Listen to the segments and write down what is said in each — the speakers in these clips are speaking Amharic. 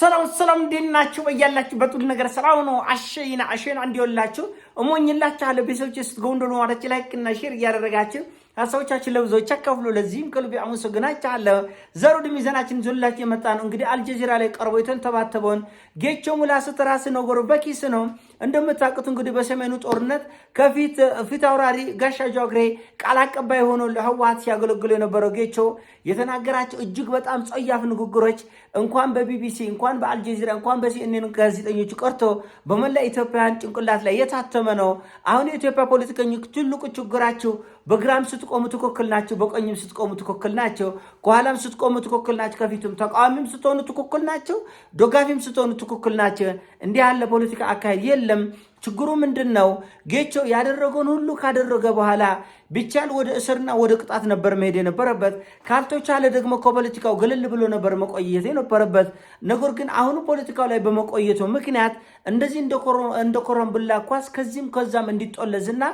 ሰላም ሰላም፣ እንዴት ናችሁ? በያላችሁበት ሁሉ ነገር ሰላም ነው። አሸይና አሸይና እንዲሆንላችሁ እሞኝላችኋለሁ። ቤተሰቦች ስትገቡ እንደሆነ ማለች ላይክ እና ሼር እያደረጋችሁ ሀሳቦቻችን ለብዙዎች አካፍሉ። ለዚህም ከልብ አመሰግናችኋለሁ። ዘውድ ሚዛናችን ይዞላችሁ የመጣ ነው። እንግዲህ አልጀዚራ ላይ ቀርቦ የተንተባተበውን ጌቾ ሙላቱ ራስ ነገሩ በኪስ ነው። እንደምታውቁት እንግዲህ በሰሜኑ ጦርነት ከፊት ፊት አውራሪ ጋሻ ጃግሬ ቃል አቀባይ ሆኖ ለህወሓት ሲያገለግሉ የነበረው ጌቾ የተናገራቸው እጅግ በጣም ጸያፍ ንግግሮች እንኳን በቢቢሲ እንኳን በአልጀዚራ እንኳን በሲኤንኤን ጋዜጠኞቹ ቀርቶ በመላ ኢትዮጵያን ጭንቅላት ላይ የታተመ ነው። አሁን የኢትዮጵያ ፖለቲከኞች ትልቁ ችግራችሁ በግራም ስትቆሙ ትክክል ናቸው፣ በቀኝም ስትቆሙ ትክክል ናቸው፣ ከኋላም ስትቆሙ ትክክል ናቸው፣ ከፊቱም ተቃዋሚም ስትሆኑ ትክክል ናቸው፣ ደጋፊም ስትሆኑ ትክክል ናቸው። እንዲህ ያለ ፖለቲካ አካሄድ የለም። ችግሩ ምንድን ነው? ጌቾ ያደረገውን ሁሉ ካደረገ በኋላ ቢቻል ወደ እስርና ወደ ቅጣት ነበር መሄድ የነበረበት። ካልተቻለ ደግሞ ከፖለቲካው ገለል ብሎ ነበር መቆየት የነበረበት። ነገር ግን አሁኑ ፖለቲካው ላይ በመቆየቱ ምክንያት እንደዚህ እንደ ኮረምብላ ኳስ ከዚህም ከዛም እንዲጦለዝና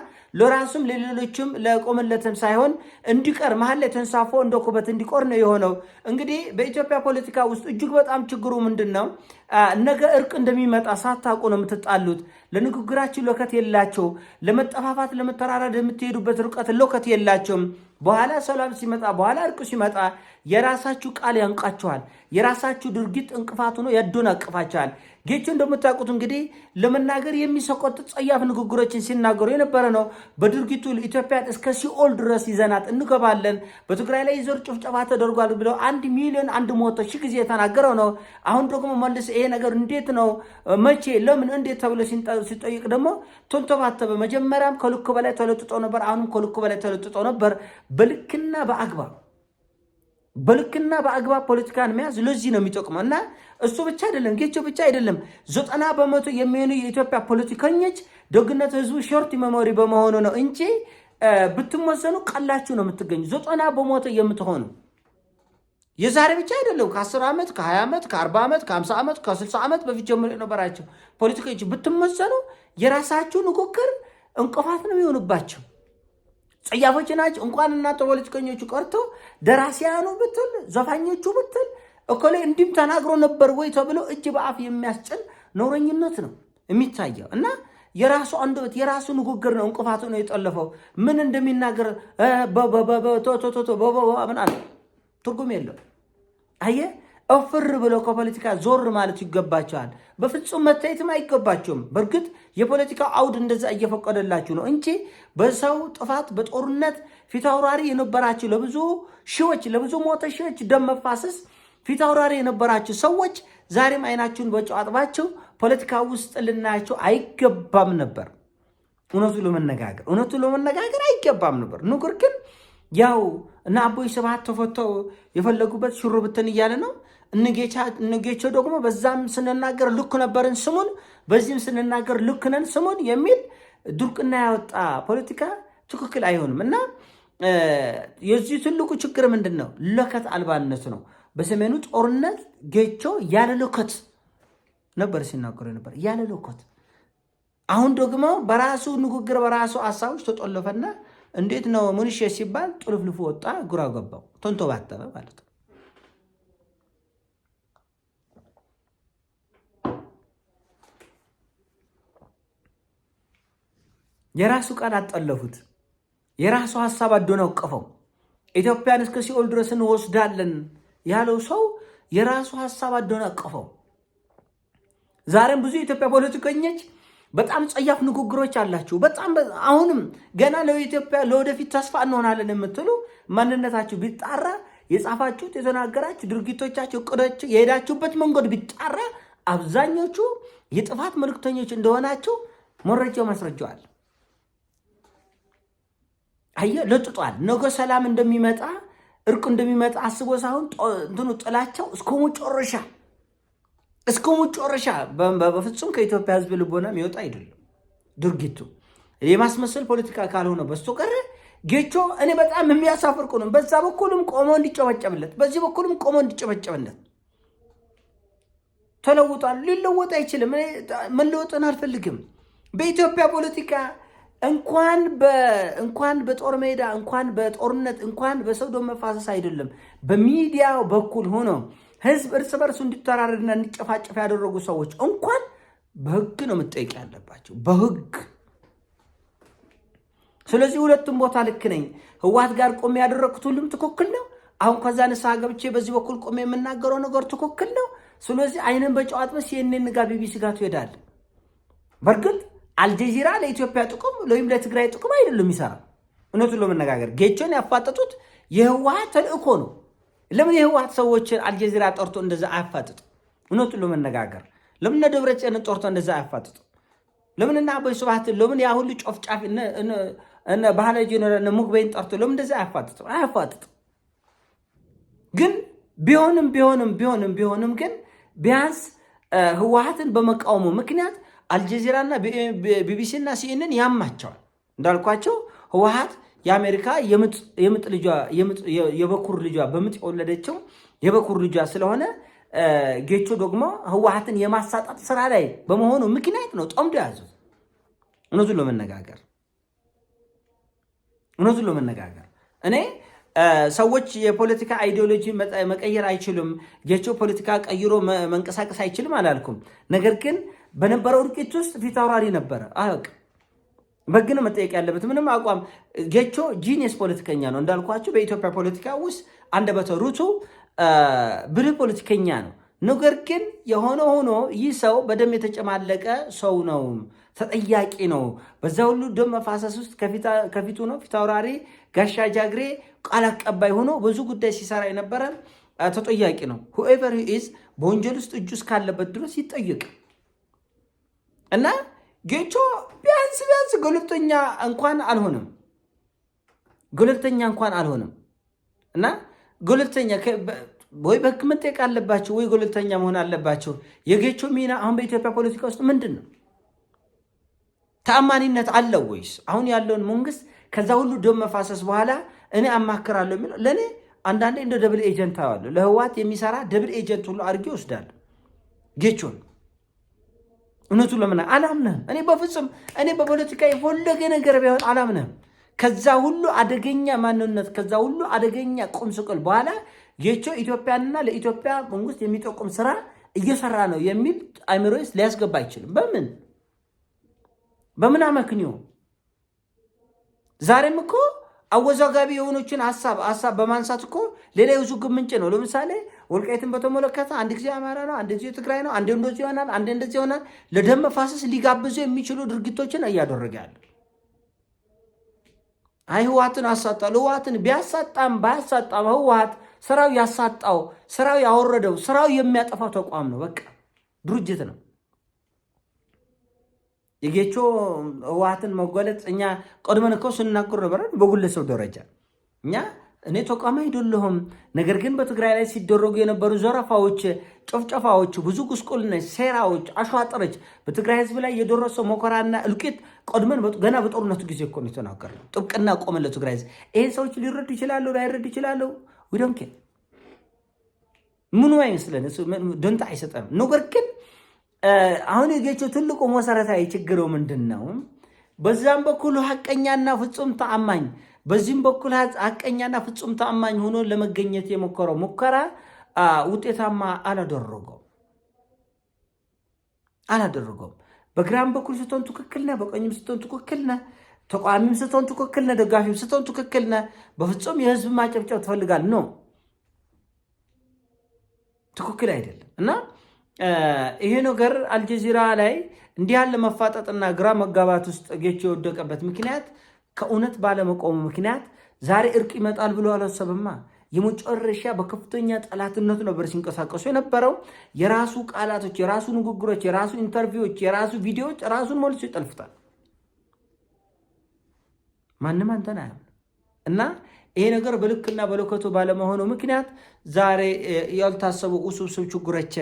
ለራሱም ለሌሎችም ለቆመለትም ሳይሆን እንዲቀር መሀል ላይ ተንሳፎ እንደ ኩበት እንዲቆር ነው የሆነው። እንግዲህ በኢትዮጵያ ፖለቲካ ውስጥ እጅግ በጣም ችግሩ ምንድን ነው? ነገ እርቅ እንደሚመጣ ሳታውቁ ነው የምትጣሉት። ለንግግራችሁ ሎከት የላቸው። ለመጠፋፋት ለመተራረድ የምትሄዱበት ርቀት ሎከት የላቸውም። በኋላ ሰላም ሲመጣ በኋላ እርቅ ሲመጣ የራሳችሁ ቃል ያንቃችኋል። የራሳችሁ ድርጊት እንቅፋት ሆኖ ያደናቅፋችኋል። ጌቹ እንደምታውቁት እንግዲህ ለመናገር የሚሰቆጥ ጸያፍ ንግግሮችን ሲናገሩ የነበረ ነው። በድርጊቱ ኢትዮጵያ እስከ ሲኦል ድረስ ይዘናት እንገባለን፣ በትግራይ ላይ የዘር ጭፍጨፋ ተደርጓል ብለው አንድ ሚሊዮን አንድ መቶ ሺህ ጊዜ የተናገረው ነው። አሁን ደግሞ መልስ ይሄ ነገር እንዴት ነው መቼ፣ ለምን፣ እንዴት ተብሎ ሲጠይቅ ደግሞ ተንተባተበ። መጀመሪያም ከልክ በላይ ተለጥጦ ነበር፣ አሁንም ከልክ በላይ ተለጥጦ ነበር። በልክና በአግባብ በልክና በአግባብ ፖለቲካን መያዝ ለዚህ ነው የሚጠቅመው። እና እሱ ብቻ አይደለም፣ ጌቾ ብቻ አይደለም። ዘጠና በመቶ የሚሆኑ የኢትዮጵያ ፖለቲከኞች ደግነት ህዝቡ ሾርት መሞሪ በመሆኑ ነው እንጂ ብትመዘኑ ቀላችሁ ነው የምትገኙ። ዘጠና በመቶ የምትሆኑ የዛሬ ብቻ አይደለም። ከ10 ዓመት ከ20 ዓመት ከ40 ዓመት ከ50 ዓመት ከ60 ዓመት በፊት ጀምሮ የነበራቸው ፖለቲከኞች ብትመዘኑ የራሳችሁ ንግግር እንቅፋት ነው የሚሆኑባቸው። ጸያፎች ናቸው። እንኳን እና ፖለቲከኞቹ ቀርቶ ደራሲያኑ ብትል ዘፋኞቹ ብትል እኮሌ እንዲም ተናግሮ ነበር ወይ ተብሎ እጅ በአፍ የሚያስጭን ኖረኝነት ነው የሚታየው እና የራሱ አንደበት የራሱ ንግግር ነው እንቅፋቱ ነው የጠለፈው። ምን እንደሚናገር ቶቶቶ ምናምን ትርጉም የለው አየ እፍር ብለው ከፖለቲካ ዞር ማለት ይገባቸዋል። በፍጹም መታየትም አይገባቸውም። በእርግጥ የፖለቲካው አውድ እንደዛ እየፈቀደላችሁ ነው እንጂ በሰው ጥፋት በጦርነት ፊት አውራሪ የነበራችሁ ለብዙ ሺዎች ለብዙ ሞተ ሺዎች ደም መፋሰስ ፊት አውራሪ የነበራችሁ ሰዎች ዛሬም አይናችሁን በጨው አጥባችሁ ፖለቲካ ውስጥ ልናያቸው አይገባም ነበር። እውነቱ ለመነጋገር እውነቱ ለመነጋገር አይገባም ነበር። ንጉር ግን ያው እና አቦይ ስብሃት ተፈተው የፈለጉበት ሽሩ ብትን እያለ ነው። እንጌቸው ደግሞ በዛም ስንናገር ልክ ነበርን ስሙን፣ በዚህም ስንናገር ልክ ነን ስሙን የሚል ድርቅና ያወጣ ፖለቲካ ትክክል አይሆንም እና የዚህ ትልቁ ችግር ምንድን ነው? ለከት አልባነት ነው። በሰሜኑ ጦርነት ጌቾ ያለ ለከት ነበር ሲናገሩ ነበር፣ ያለ ለከት። አሁን ደግሞ በራሱ ንግግር በራሱ ሀሳቦች ተጠለፈና እንዴት ነው ሙንሽ ሲባል ጥልፍልፉ ወጣ፣ ጉራ ገባው፣ ተንተባተበ ማለት ነው። የራሱ ቃል አጠለፉት፣ የራሱ ሀሳብ አደናቀፈው። ኢትዮጵያን እስከ ሲኦል ድረስ እንወስዳለን ያለው ሰው የራሱ ሀሳብ አደናቀፈው። ዛሬም ብዙ የኢትዮጵያ ፖለቲከኞች በጣም ጸያፍ ንግግሮች አላችሁ። በጣም አሁንም ገና ለኢትዮጵያ ለወደፊት ተስፋ እንሆናለን የምትሉ ማንነታችሁ ቢጣራ የጻፋችሁት የተናገራችሁ ድርጊቶቻችሁ፣ እቅዶች፣ የሄዳችሁበት መንገድ ቢጣራ አብዛኞቹ የጥፋት መልክተኞች እንደሆናችሁ መረጃው ማስረጃዋል። አየ ለጥጧል። ነገ ሰላም እንደሚመጣ እርቅ እንደሚመጣ አስቦ ሳይሆን እንትኑ ጥላቸው እስከ መጨረሻ እስከ መጨረሻ በፍጹም ከኢትዮጵያ ሕዝብ ልቦና የሚወጣ አይደለም ድርጊቱ የማስመሰል ፖለቲካ ካልሆነ በስተቀር ጌቾ እኔ በጣም የሚያሳፍር ነው። በዛ በኩልም ቆሞ እንዲጨበጨብለት፣ በዚህ በኩልም ቆሞ እንዲጨበጨብለት ተለውጧል። ሊለወጥ አይችልም። መለወጥን አልፈልግም። በኢትዮጵያ ፖለቲካ እንኳን እንኳን በጦር ሜዳ እንኳን በጦርነት እንኳን በሰው ደም መፋሰስ አይደለም በሚዲያ በኩል ሆኖ ህዝብ እርስ በርሱ እንዲተራረድና እንዲጨፋጨፍ ያደረጉ ሰዎች እንኳን በህግ ነው መጠየቅ ያለባቸው፣ በህግ ስለዚህ ሁለቱም ቦታ ልክ ነኝ። ህዋት ጋር ቆሜ ያደረግኩት ሁሉም ትክክል ነው። አሁን ከዛ ንስሐ ገብቼ በዚህ በኩል ቆሜ የምናገረው ነገር ትክክል ነው። ስለዚህ አይንን በጨዋት መስ የኔን ጋር ቢቢሲ ጋር ትሄዳል። በእርግጥ አልጀዚራ ለኢትዮጵያ ጥቅም ወይም ለትግራይ ጥቅም አይደለም ይሰራ። እውነቱን ለመነጋገር ጌቾን ያፋጠጡት የህወሀት ተልእኮ ነው። ለምን የህወሀት ሰዎችን አልጀዚራ ጠርቶ እንደዛ አያፋጥጡ? እውነቱ ለመነጋገር ለምን እነ ደብረጽዮንን ጠርቶ እንደዛ አያፋጥጡ? ለምን እና አቦይ ስብሃት ለምን ያ ሁሉ ጮፍጫፍ እነ ባህላዊ ጀነራል እነ ሙግበይን ጠርቶ ለምን እንደዛ አያፋጥጡ? አያፋጥጡ ግን ቢሆንም ቢሆንም ቢሆንም ቢሆንም ግን ቢያንስ ህወሀትን በመቃወሙ ምክንያት አልጀዚራና ቢቢሲና ሲኤንን ያማቸዋል እንዳልኳቸው ህወሀት የአሜሪካ የምጥ ልጇ የበኩር ልጇ በምጥ የወለደችው የበኩር ልጇ ስለሆነ ጌቾ ደግሞ ህወሓትን የማሳጣት ስራ ላይ በመሆኑ ምክንያት ነው ጠምዶ የያዙት። እውነቱን ለመነጋገር እውነቱን ለመነጋገር እኔ ሰዎች የፖለቲካ አይዲዮሎጂ መቀየር አይችሉም፣ ጌቾ ፖለቲካ ቀይሮ መንቀሳቀስ አይችልም አላልኩም። ነገር ግን በነበረው እርቂት ውስጥ ፊት አውራሪ ነበረ። በግን መጠየቅ ያለበት። ምንም አቋም ጌቾ ጂኒየስ ፖለቲከኛ ነው እንዳልኳቸው፣ በኢትዮጵያ ፖለቲካ ውስጥ አንደበተ ርቱዕ ብልህ ፖለቲከኛ ነው። ነገር ግን የሆነ ሆኖ ይህ ሰው በደም የተጨማለቀ ሰው ነው፣ ተጠያቂ ነው። በዛ ሁሉ ደም መፋሰስ ውስጥ ከፊቱ ነው ፊታውራሪ ጋሻ ጃግሬ ቃል አቀባይ ሆኖ ብዙ ጉዳይ ሲሰራ የነበረ ተጠያቂ ነው። ሁኤቨር ኢዝ በወንጀል ውስጥ እጁ እስካለበት ድረስ ይጠየቅ እና ጌቾ ቢያንስ ቢያንስ ገለልተኛ እንኳን አልሆነም፣ ገለልተኛ እንኳን አልሆነም። እና ገለልተኛ ወይ በሕግ መጠየቅ አለባቸው ወይ ገለልተኛ መሆን አለባቸው። የጌቾ ሚና አሁን በኢትዮጵያ ፖለቲካ ውስጥ ምንድን ነው? ተአማኒነት አለው ወይስ? አሁን ያለውን መንግስት ከዛ ሁሉ ደም መፋሰስ በኋላ እኔ አማክራለሁ የሚለው ለእኔ አንዳንዴ እንደ ደብል ኤጀንት አዋለሁ። ለህዋት የሚሰራ ደብል ኤጀንት ሁሉ አድርጌ ይወስዳል ጌቾን እውነቱ ለምን አላምነህም? እኔ በፍጹም እኔ በፖለቲካ የፈለገ ነገር ቢሆን አላምነህም። ከዛ ሁሉ አደገኛ ማንነት ከዛ ሁሉ አደገኛ ቁም ስቅል በኋላ የቸው ኢትዮጵያንና ለኢትዮጵያ መንግስት የሚጠቁም ስራ እየሰራ ነው የሚል አይምሮስ ሊያስገባ አይችልም። በምን በምን አመክንዮ ዛሬም እኮ አወዛጋቢ የሆኖችን ሀሳብ ሀሳብ በማንሳት እኮ ሌላ የውዝግብ ምንጭ ነው። ለምሳሌ ወልቃይትን በተመለከተ አንድ ጊዜ አማራ ነው፣ አንድ ጊዜ ትግራይ ነው፣ አንድ እንደዚህ ይሆናል፣ አንድ እንደዚህ ይሆናል። ለደም መፋሰስ ሊጋብዙ የሚችሉ ድርጊቶችን እያደረገ ያለ አይ ህወሓትን አሳጣል። ህወሓትን ቢያሳጣም ባያሳጣም ህወሓት ስራው ያሳጣው ስራው ያወረደው ስራው የሚያጠፋው ተቋም ነው፣ በቃ ድርጅት ነው። የጌቾ ህወሓትን መጎለጥ እኛ ቀድመን እኮ ስናገር ነበረ በግለሰብ ደረጃ እኛ እኔ ተቋም አይደለሁም። ነገር ግን በትግራይ ላይ ሲደረጉ የነበሩ ዘረፋዎች፣ ጨፍጨፋዎች፣ ብዙ ጉስቁልነች፣ ሴራዎች፣ አሸዋጠሮች በትግራይ ህዝብ ላይ የደረሰው መከራና እልቂት ቀድመን ገና በጦርነቱ ጊዜ እኮ ነው የተናገርነው። ጥብቅና ቆመን ለትግራይ ህዝብ ይህን ሰዎች ሊረዱ ይችላሉ ላይረዱ ይችላሉ ዊዶንኬ ምኑ አይመስለን ደንታ አይሰጠም። ነገር ግን አሁን የጌቸው ትልቁ መሰረታዊ ችግረው ምንድን ነው? በዛም በኩሉ ሀቀኛና ፍጹም ተአማኝ በዚህም በኩል አቀኛና ፍጹም ታማኝ ሆኖ ለመገኘት የሞከረው ሙከራ ውጤታማ አላደረገውም አላደረገውም። በግራም በኩል ስትሆን ትክክል ነህ፣ በቀኝም ስትሆን ትክክል ነህ፣ ተቋሚም ስትሆን ትክክል ነህ፣ ደጋፊም ስትሆን ትክክል ነህ። በፍጹም የህዝብ ማጨብጨብ ትፈልጋል ነው ትክክል አይደለም። እና ይሄ ነገር አልጀዚራ ላይ እንዲህ ያለ መፋጠጥና ግራ መጋባት ውስጥ ጌቾ የወደቀበት ምክንያት ከእውነት ባለመቆሙ ምክንያት ዛሬ እርቅ ይመጣል ብሎ አላሰብማ። የመጨረሻ በከፍተኛ ጠላትነቱ ነበር ሲንቀሳቀሱ የነበረው። የራሱ ቃላቶች፣ የራሱ ንግግሮች፣ የራሱ ኢንተርቪዎች፣ የራሱ ቪዲዮዎች ራሱን መልሶ ይጠልፉታል። ማንም አንተን አያምን እና ይሄ ነገር በልክና በለከቱ ባለመሆኑ ምክንያት ዛሬ ያልታሰቡ ውስብስብ ችግሮች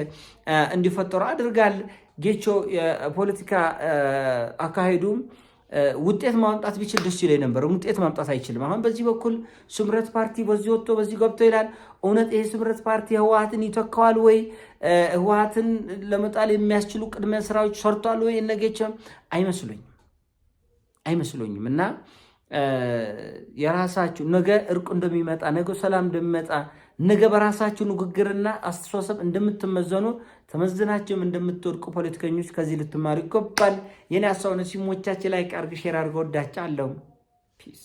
እንዲፈጠሩ አድርጋል። ጌቾ የፖለቲካ አካሄዱም ውጤት ማምጣት ቢችል ደስ ይለኝ ነበር። ውጤት ማምጣት አይችልም። አሁን በዚህ በኩል ስምረት ፓርቲ በዚህ ወጥቶ በዚህ ገብቶ ይላል። እውነት ይሄ ስምረት ፓርቲ ህወሀትን ይተካዋል ወይ? ህወሀትን ለመጣል የሚያስችሉ ቅድመ ስራዎች ሰርቷል ወይ? እነ ጌቸም አይመስሉኝም አይመስሉኝም እና የራሳችሁ ነገ እርቅ እንደሚመጣ ነገ ሰላም እንደሚመጣ ነገ በራሳችሁ ንግግርና አስተሳሰብ እንደምትመዘኑ ተመዝናችሁም እንደምትወድቁ ፖለቲከኞች ከዚህ ልትማሩ ይገባል። የኔ ሀሳብ ነው። ሲሞቻችን ላይ ቃርግ ሼር አድርገ ወዳቻ አለው ፒስ